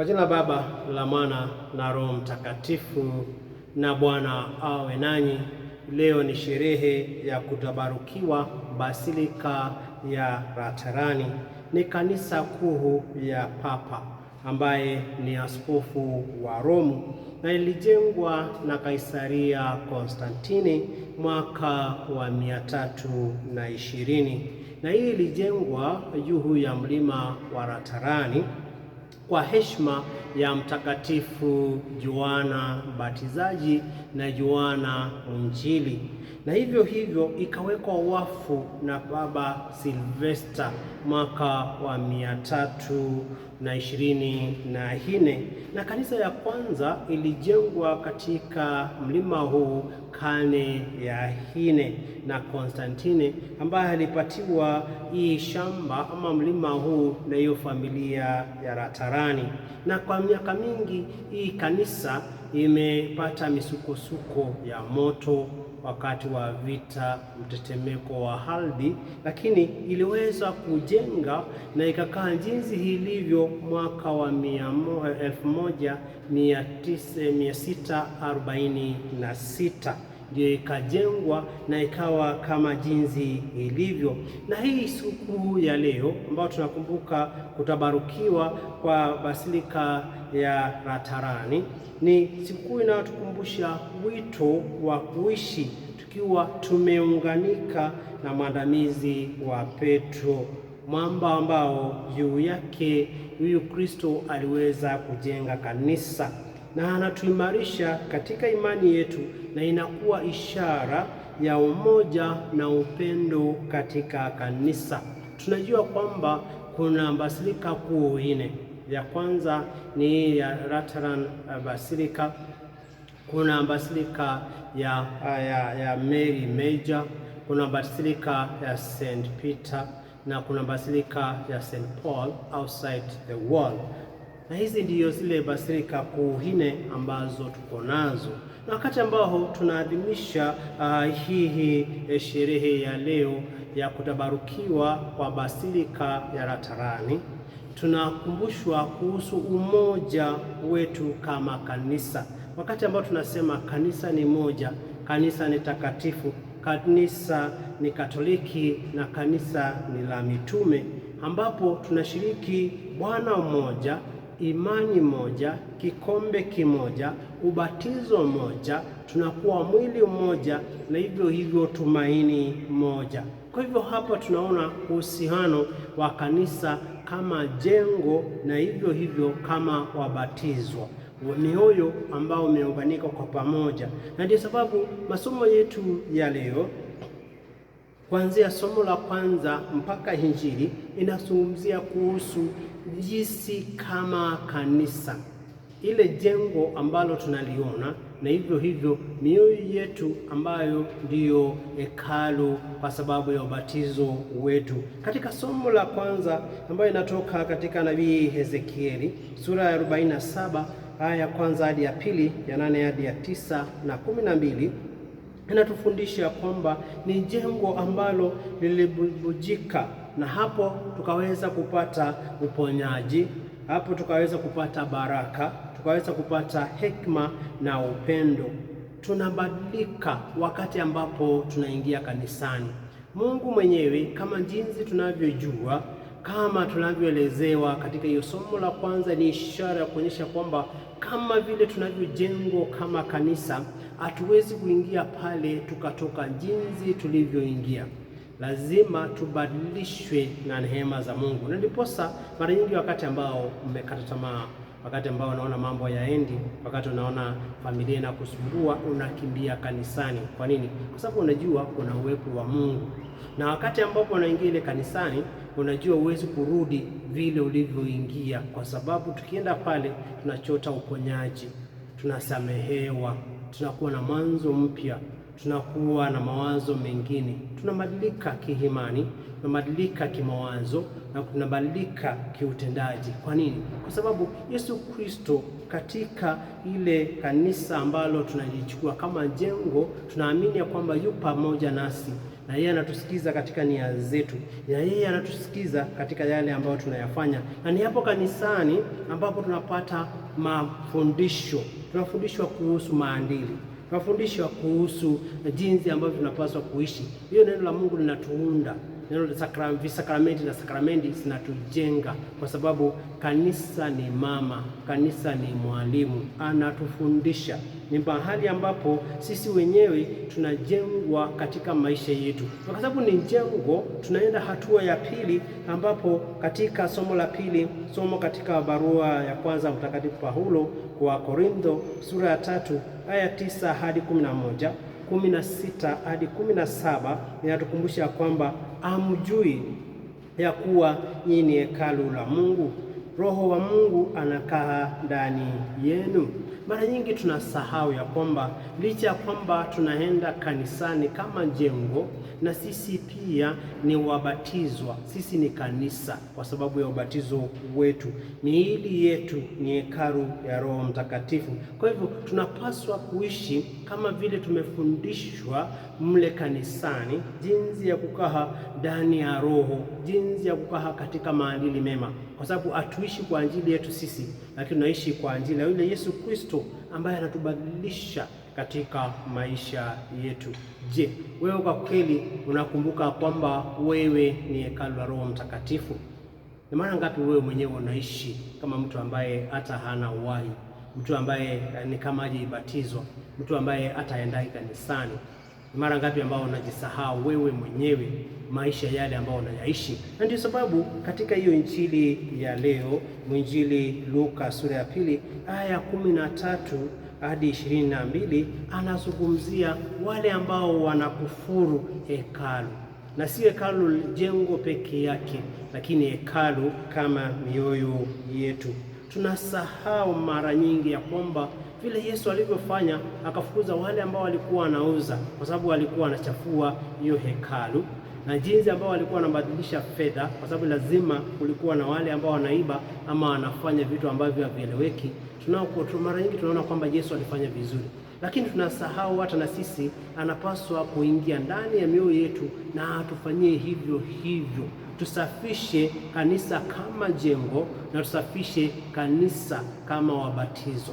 Kwa jina la Baba la Mwana na Roho Mtakatifu. Na Bwana awe nanyi. Leo ni sherehe ya kutabarukiwa Basilika ya Laterani, ni kanisa kuu ya Papa ambaye ni askofu wa Roma na ilijengwa na Kaisaria Konstantini mwaka wa mia tatu na ishirini na hii ilijengwa juu ya mlima wa Laterani kwa heshima ya Mtakatifu Yohana Mbatizaji na Yohana Mwinjili, na hivyo hivyo ikawekwa wafu na Baba Silvesta mwaka wa mia tatu na ishirini na nne, na kanisa ya kwanza ilijengwa katika mlima huu karne ya nne na Konstantine ambaye alipatiwa hii shamba ama mlima huu na hiyo familia ya Laterani na kwa miaka mingi hii kanisa imepata misukosuko ya moto wakati wa vita, mtetemeko wa ardhi, lakini iliweza kujenga na ikakaa jinsi ilivyo mwaka wa elfu mia, mia mia, arobaini ndio ikajengwa na ikawa kama jinsi ilivyo. Na hii siku ya leo ambayo tunakumbuka kutabarukiwa kwa Basilika ya Laterani ni siku inayotukumbusha wito wa kuishi tukiwa tumeunganika na mwandamizi wa Petro, mwamba ambao juu yake huyu Kristo aliweza kujenga kanisa na anatuimarisha katika imani yetu, na inakuwa ishara ya umoja na upendo katika kanisa. Tunajua kwamba kuna basilika kuu nne. Ya kwanza ni ya Lateran uh, Basilika, kuna basilika ya, uh, ya, ya Mary Major, kuna basilika ya St Peter na kuna basilika ya St Paul outside the wall na hizi ndiyo zile basilika kuu nne ambazo tuko nazo, na wakati ambao tunaadhimisha uh, hii eh, sherehe ya leo ya kutabarukiwa kwa basilika ya Laterani tunakumbushwa kuhusu umoja wetu kama kanisa. Wakati ambao tunasema kanisa ni moja, kanisa ni takatifu, kanisa ni Katoliki na kanisa ni la mitume, ambapo tunashiriki Bwana mmoja imani moja, kikombe kimoja, ubatizo moja tunakuwa mwili mmoja na hivyo hivyo tumaini moja. Kwa hivyo hapa tunaona uhusiano wa kanisa kama jengo na hivyo hivyo kama wabatizwa, mioyo ambao umeunganika kwa pamoja, na ndio sababu masomo yetu ya leo Kuanzia somo la kwanza mpaka Injili inazungumzia kuhusu jinsi kama kanisa, ile jengo ambalo tunaliona, na hivyo hivyo mioyo yetu ambayo ndiyo hekalu kwa sababu ya ubatizo wetu. Katika somo la kwanza ambayo inatoka katika nabii Hezekieli sura ya 47 aya ya kwanza hadi ya pili, ya nane hadi ya tisa na kumi na mbili inatufundisha kwamba ni jengo ambalo lilibujika, na hapo tukaweza kupata uponyaji, hapo tukaweza kupata baraka, tukaweza kupata hekima na upendo. Tunabadilika wakati ambapo tunaingia kanisani. Mungu mwenyewe kama jinsi tunavyojua kama tunavyoelezewa katika hiyo somo la kwanza, ni ishara ya kuonyesha kwamba kama vile tunavyojengwa kama kanisa, hatuwezi kuingia pale tukatoka jinsi tulivyoingia. Lazima tubadilishwe na neema za Mungu, na ndiposa mara nyingi wakati ambao umekata tamaa, wakati ambao unaona mambo yaendi, wakati unaona familia inakusumbua, unakimbia kanisani. Kwa nini? Kwa sababu unajua kuna uwepo wa Mungu na wakati ambapo unaingia ile kanisani, unajua uwezi kurudi vile ulivyoingia, kwa sababu tukienda pale tunachota uponyaji, tunasamehewa, tunakuwa na mwanzo mpya, tunakuwa na mawazo mengine, tunabadilika kiimani, tunabadilika kimawazo na tunabadilika kiutendaji. Kwa nini? Kwa sababu Yesu Kristo katika ile kanisa ambalo tunajichukua kama jengo, tunaamini ya kwamba yu pamoja nasi na yeye anatusikiza katika nia zetu, na yeye anatusikiza katika yale ambayo tunayafanya, na ni hapo kanisani ambapo tunapata mafundisho. Tunafundishwa kuhusu maadili, tunafundishwa kuhusu jinsi ambavyo tunapaswa kuishi. Hiyo neno la Mungu linatuunda neno sakra, visakramenti na sakramenti zinatujenga kwa sababu kanisa ni mama, kanisa ni mwalimu, anatufundisha. Ni mahali ambapo sisi wenyewe tunajengwa katika maisha yetu, kwa sababu ni jengo. Tunaenda hatua ya pili, ambapo katika somo la pili, somo katika barua ya kwanza Mtakatifu Paulo kwa Korintho sura ya tatu aya tisa hadi kumi na moja kumi na sita hadi kumi na saba inatukumbusha kwamba amjui ya kuwa nyinyi ni hekalu la Mungu, Roho wa Mungu anakaa ndani yenu. Mara nyingi tunasahau ya kwamba licha ya kwamba tunaenda kanisani kama jengo, na sisi pia ni wabatizwa. Sisi ni kanisa kwa sababu ya ubatizo wetu, miili yetu ni hekalu ya Roho Mtakatifu. Kwa hivyo tunapaswa kuishi kama vile tumefundishwa mle kanisani, jinsi ya kukaa ndani ya Roho, jinsi ya kukaa katika maadili mema kwa sababu hatuishi kwa ajili yetu sisi, lakini tunaishi kwa ajili ya yule Yesu Kristo ambaye anatubadilisha katika maisha yetu. Je, wewe kwa kweli unakumbuka kwamba wewe ni hekalu la Roho Mtakatifu? Ni mara ngapi wewe mwenyewe unaishi kama mtu ambaye hata hana uhai, mtu ambaye ni kama hajabatizwa, mtu ambaye hataendai kanisani mara ngapi ambao unajisahau wewe mwenyewe maisha yale ambayo unayaishi. Na ndio sababu katika hiyo injili ya leo, mwinjili Luka sura ya pili aya kumi na tatu hadi ishirini na mbili anazungumzia wale ambao wanakufuru hekalu, na si hekalu jengo peke yake, lakini hekalu kama mioyo yetu tunasahau mara nyingi ya kwamba vile Yesu alivyofanya akafukuza wale ambao walikuwa wanauza, kwa sababu walikuwa wanachafua hiyo hekalu, na jinsi ambao walikuwa wanabadilisha fedha, kwa sababu lazima kulikuwa na wale ambao wanaiba ama wanafanya vitu ambavyo havieleweki. Tunao mara nyingi tunaona kwamba Yesu alifanya vizuri, lakini tunasahau hata na sisi anapaswa kuingia ndani ya mioyo yetu na atufanyie hivyo hivyo. Tusafishe kanisa kama jengo na tusafishe kanisa kama wabatizo.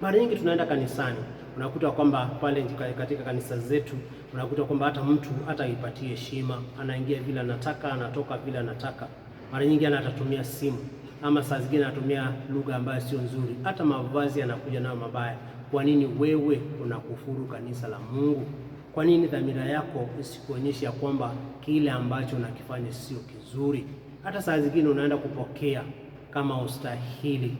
Mara nyingi tunaenda kanisani, unakuta kwamba pale katika kanisa zetu unakuta kwamba hata mtu hata aipatie heshima, anaingia vile anataka, anatoka vile anataka. Mara nyingi anatatumia atatumia simu ama saa zingine anatumia lugha ambayo sio nzuri, hata mavazi anakuja nayo mabaya. Kwa nini wewe unakufuru kanisa la Mungu? Kwa nini dhamira yako isikuonyesha ya kwamba kile ambacho unakifanya sio kizuri? Hata saa zingine unaenda kupokea kama ustahili,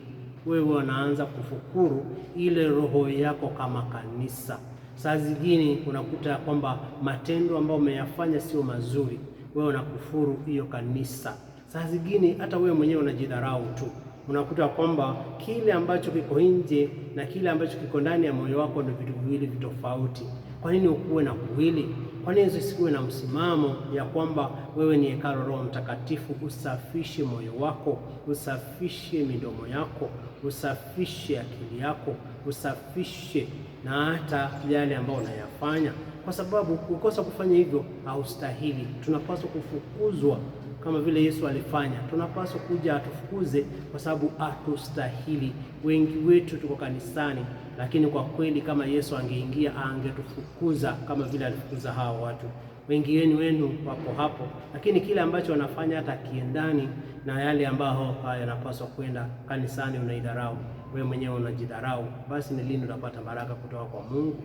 wewe unaanza kufukuru ile roho yako kama kanisa. Saa zingine unakuta kwamba matendo ambayo umeyafanya sio mazuri, wewe unakufuru hiyo kanisa. Saa zingine hata wewe mwenyewe unajidharau tu unakuta kwamba kile ambacho kiko nje na kile ambacho kiko ndani ya moyo wako ndio vitu viwili vitofauti. Kwa nini ukuwe na kuwili? Kwa nini usikuwe na msimamo ya kwamba wewe ni hekalo Roho Mtakatifu, usafishe moyo wako, usafishe midomo yako, usafishe akili yako, usafishe na hata yale ambayo unayafanya, kwa sababu kukosa kufanya hivyo haustahili. Tunapaswa kufukuzwa kama vile Yesu alifanya. Tunapaswa kuja atufukuze kwa sababu hatustahili. Wengi wetu tuko kanisani, lakini kwa kweli kama Yesu angeingia angetufukuza kama vile alifukuza hao watu. Wengi wenu wenu wapo hapo, lakini kile ambacho wanafanya hata kiendani na yale ambayo yanapaswa kwenda. Kanisani unaidharau wewe mwenyewe, unajidharau. Basi ni lini unapata baraka kutoka kwa Mungu?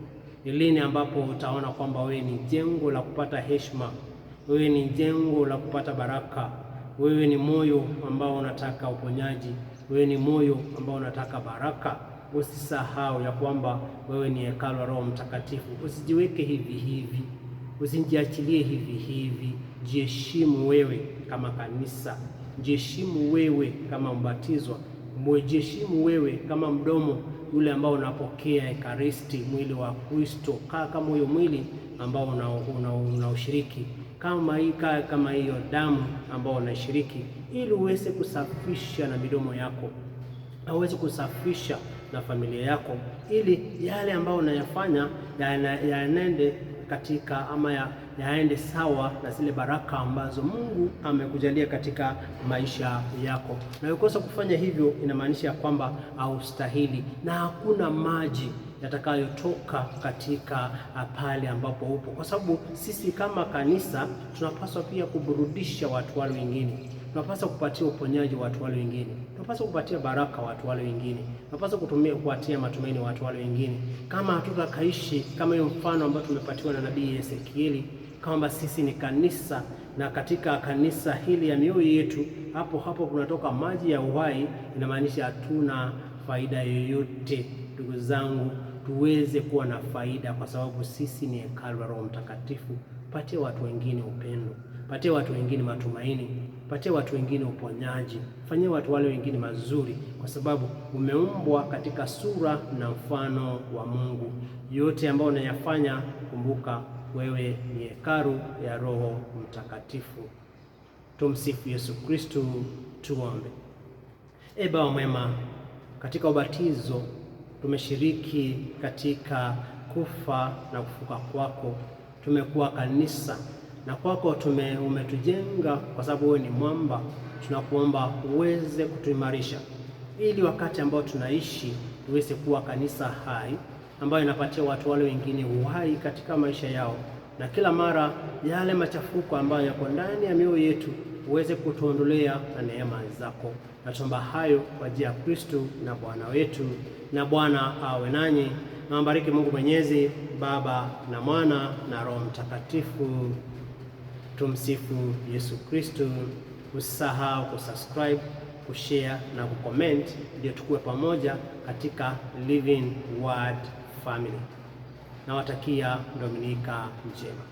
Ni lini ambapo utaona kwamba wewe ni jengo la kupata heshima wewe ni jengo la kupata baraka, wewe ni moyo ambao unataka uponyaji, wewe ni moyo ambao unataka baraka. Usisahau ya kwamba wewe ni hekalo la Roho Mtakatifu. Usijiweke hivi hivi, usijiachilie hivi hivi. Jiheshimu wewe kama kanisa, jiheshimu wewe kama mbatizwa, mjiheshimu wewe kama mdomo yule ambao unapokea Ekaristi, mwili wa Kristo. Kaa kama huyo mwili ambao unaoshiriki una kama hii kama hiyo damu ambao unashiriki, ili uweze kusafisha na midomo yako na uweze kusafisha na familia yako, ili yale ambayo unayafanya yanende ya katika ama ya, yaende sawa na zile baraka ambazo Mungu amekujalia katika maisha yako. Na ukosa kufanya hivyo, inamaanisha ya kwamba haustahili na hakuna maji yatakayotoka katika ah, pale ambapo upo, kwa sababu sisi kama kanisa tunapaswa pia kuburudisha watu wale wengine tunapaswa kupatia uponyaji watu wale wengine, tunapaswa kupatia baraka watu wale wengine, tunapaswa kutumia kupatia matumaini watu wale wengine. Kama hatutakaishi kama hiyo mfano ambao tumepatiwa na nabii Ezekieli, kwamba sisi ni kanisa na katika kanisa hili ya mioyo yetu hapo hapo kunatoka maji ya uhai, inamaanisha hatuna faida yoyote, ndugu zangu tuweze kuwa na faida, kwa sababu sisi ni hekalu la Roho Mtakatifu. Patie watu wengine upendo, patie watu wengine matumaini, patie watu wengine uponyaji, fanyie watu wale wengine mazuri, kwa sababu umeumbwa katika sura na mfano wa Mungu. Yote ambayo unayafanya, kumbuka wewe ni hekalu ya Roho Mtakatifu. Tumsifu Yesu Kristu. Tuombe. Ee Baba mwema, katika ubatizo tumeshiriki katika kufa na kufuka kwako, tumekuwa kanisa na kwako tume, umetujenga kwa sababu wewe ni mwamba. Tunakuomba uweze kutuimarisha ili wakati ambao tunaishi tuweze kuwa kanisa hai ambayo inapatia watu wale wengine uhai katika maisha yao, na kila mara yale machafuko ambayo yako ndani ya mioyo yetu uweze kutuondolea na neema zako. Natomba hayo kwa njia ya Kristu na Bwana wetu. Na Bwana awe nanyi, na mbariki Mungu Mwenyezi, Baba na Mwana na Roho Mtakatifu. Tumsifu Yesu Kristu. Usisahau kusubscribe, kushare na kucomment, ndio tukue pamoja katika Living Word Family. Nawatakia Dominika njema.